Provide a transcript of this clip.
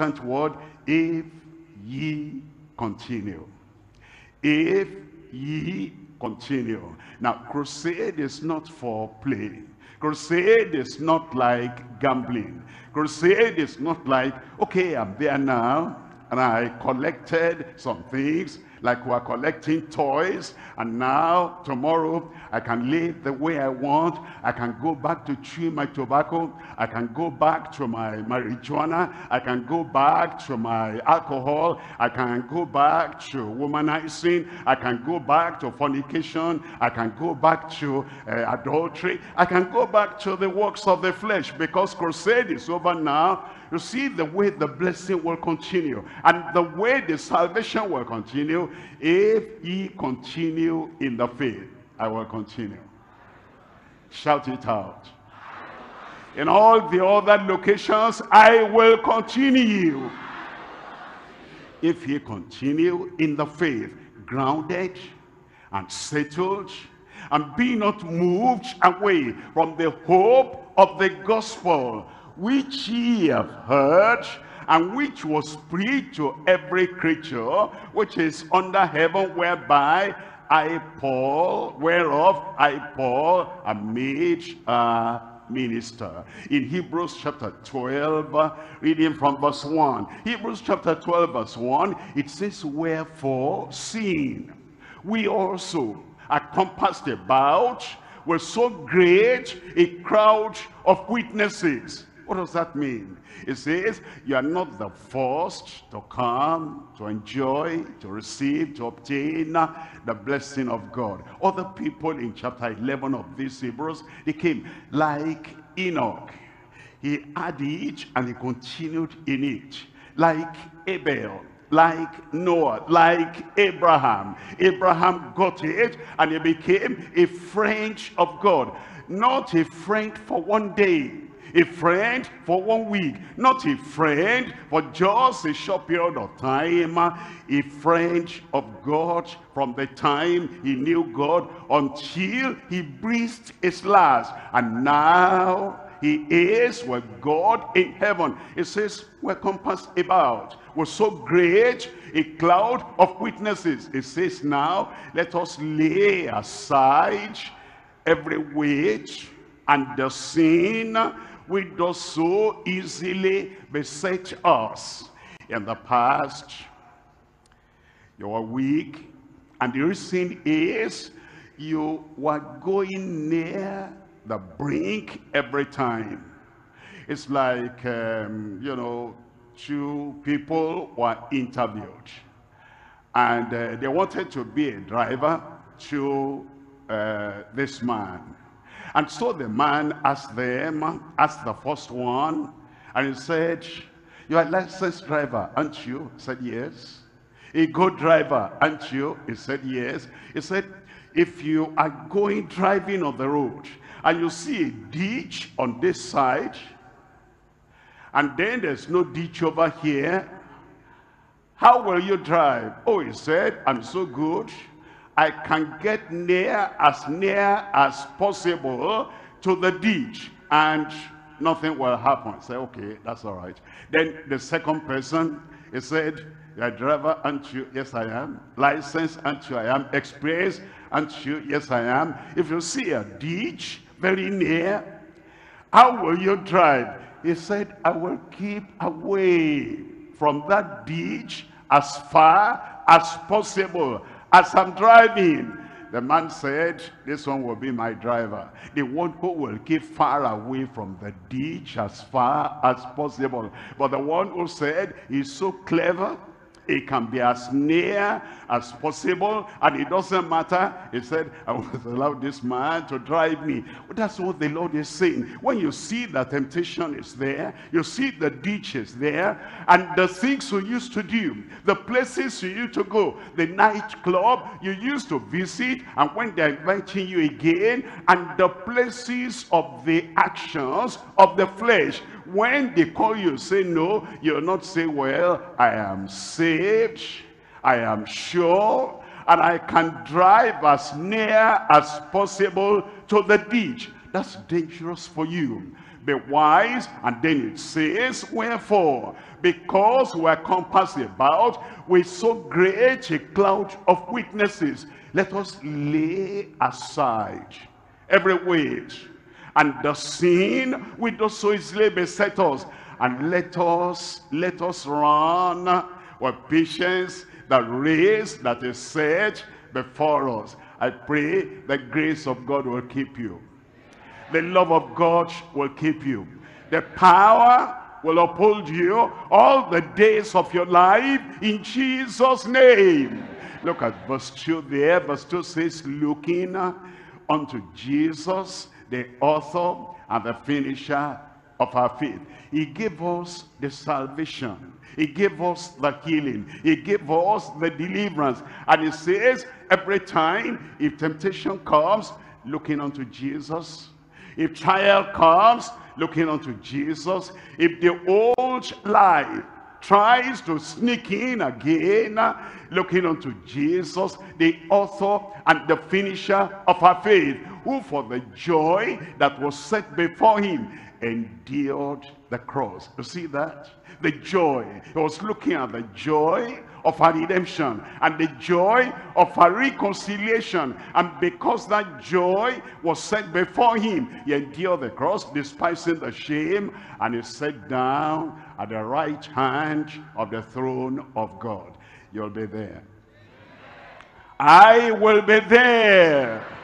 important word, if ye continue. If ye continue. Now, crusade is not for play. Crusade is not like gambling. Crusade is not like, okay, I'm there now, and I collected some things, like we are collecting toys and now tomorrow I can live the way I want I can go back to chew my tobacco I can go back to my marijuana I can go back to my alcohol I can go back to womanizing I can go back to fornication I can go back to uh, adultery I can go back to the works of the flesh because crusade is over now you see the way the blessing will continue and the way the salvation will continue if ye continue in the faith, I will continue. Shout it out. In all the other locations, I will continue. If ye continue in the faith, grounded and settled, and be not moved away from the hope of the gospel, which ye have heard and which was preached to every creature which is under heaven, whereby I, Paul, whereof I, Paul, am made a minister. In Hebrews chapter 12, reading from verse 1. Hebrews chapter 12, verse 1, it says, Wherefore, seeing we also are compassed about with so great a crowd of witnesses. What does that mean? It says, you are not the first to come, to enjoy, to receive, to obtain the blessing of God. Other people in chapter 11 of this Hebrews, they came like Enoch. He had it and he continued in it. Like Abel, like Noah, like Abraham. Abraham got it and he became a friend of God. Not a friend for one day, a friend for one week not a friend for just a short period of time a friend of God from the time he knew God until he breathed his last and now he is with God in heaven. It says, we're compassed about with so great a cloud of witnesses. It says now, let us lay aside every weight and the sin we do so easily beset us. In the past, you were weak, and the reason is you were going near the brink every time. It's like, um, you know, two people were interviewed and uh, they wanted to be a driver to uh, this man and so the man asked them, asked the first one, and he said, you are a licensed driver, aren't you? He said, yes. A good driver, aren't you? He said, yes. He said, if you are going driving on the road and you see a ditch on this side, and then there's no ditch over here, how will you drive? Oh, he said, I'm so good. I can get near as near as possible to the ditch, and nothing will happen. I say, okay, that's all right. Then the second person, he said, you're driver, aren't you? Yes, I am. License, aren't you? I am. Experience, aren't you? Yes, I am. If you see a ditch very near, how will you drive? He said, I will keep away from that ditch as far as possible. As I'm driving, the man said, this one will be my driver. The one who will keep far away from the ditch as far as possible. But the one who said, he's so clever, it can be as near as possible, and it doesn't matter. He said, I will allow this man to drive me. Well, that's what the Lord is saying. When you see the temptation is there, you see the ditches there, and the things you used to do, the places you used to go, the nightclub you used to visit, and when they're inviting you again, and the places of the actions of the flesh when they call you, say no, you'll not say, well, I am saved, I am sure, and I can drive as near as possible to the ditch. That's dangerous for you. Be wise, and then it says, Wherefore, because we are compassed about with so great a cloud of witnesses, let us lay aside every weight and the sin which also so easily beset us and let us let us run with patience the race that is set before us i pray the grace of god will keep you the love of god will keep you the power will uphold you all the days of your life in jesus name look at verse 2 there verse 2 says looking unto jesus the author and the finisher of our faith. He gave us the salvation. He gave us the healing. He gave us the deliverance. And he says every time if temptation comes, looking unto Jesus. If trial comes, looking unto Jesus. If the old life tries to sneak in again, looking unto Jesus, the author and the finisher of our faith, who for the joy that was set before him endured the cross. You see that? The joy. He was looking at the joy of our redemption and the joy of our reconciliation. And because that joy was set before him, he endured the cross, despising the shame, and he sat down at the right hand of the throne of God. You'll be there. I will be there.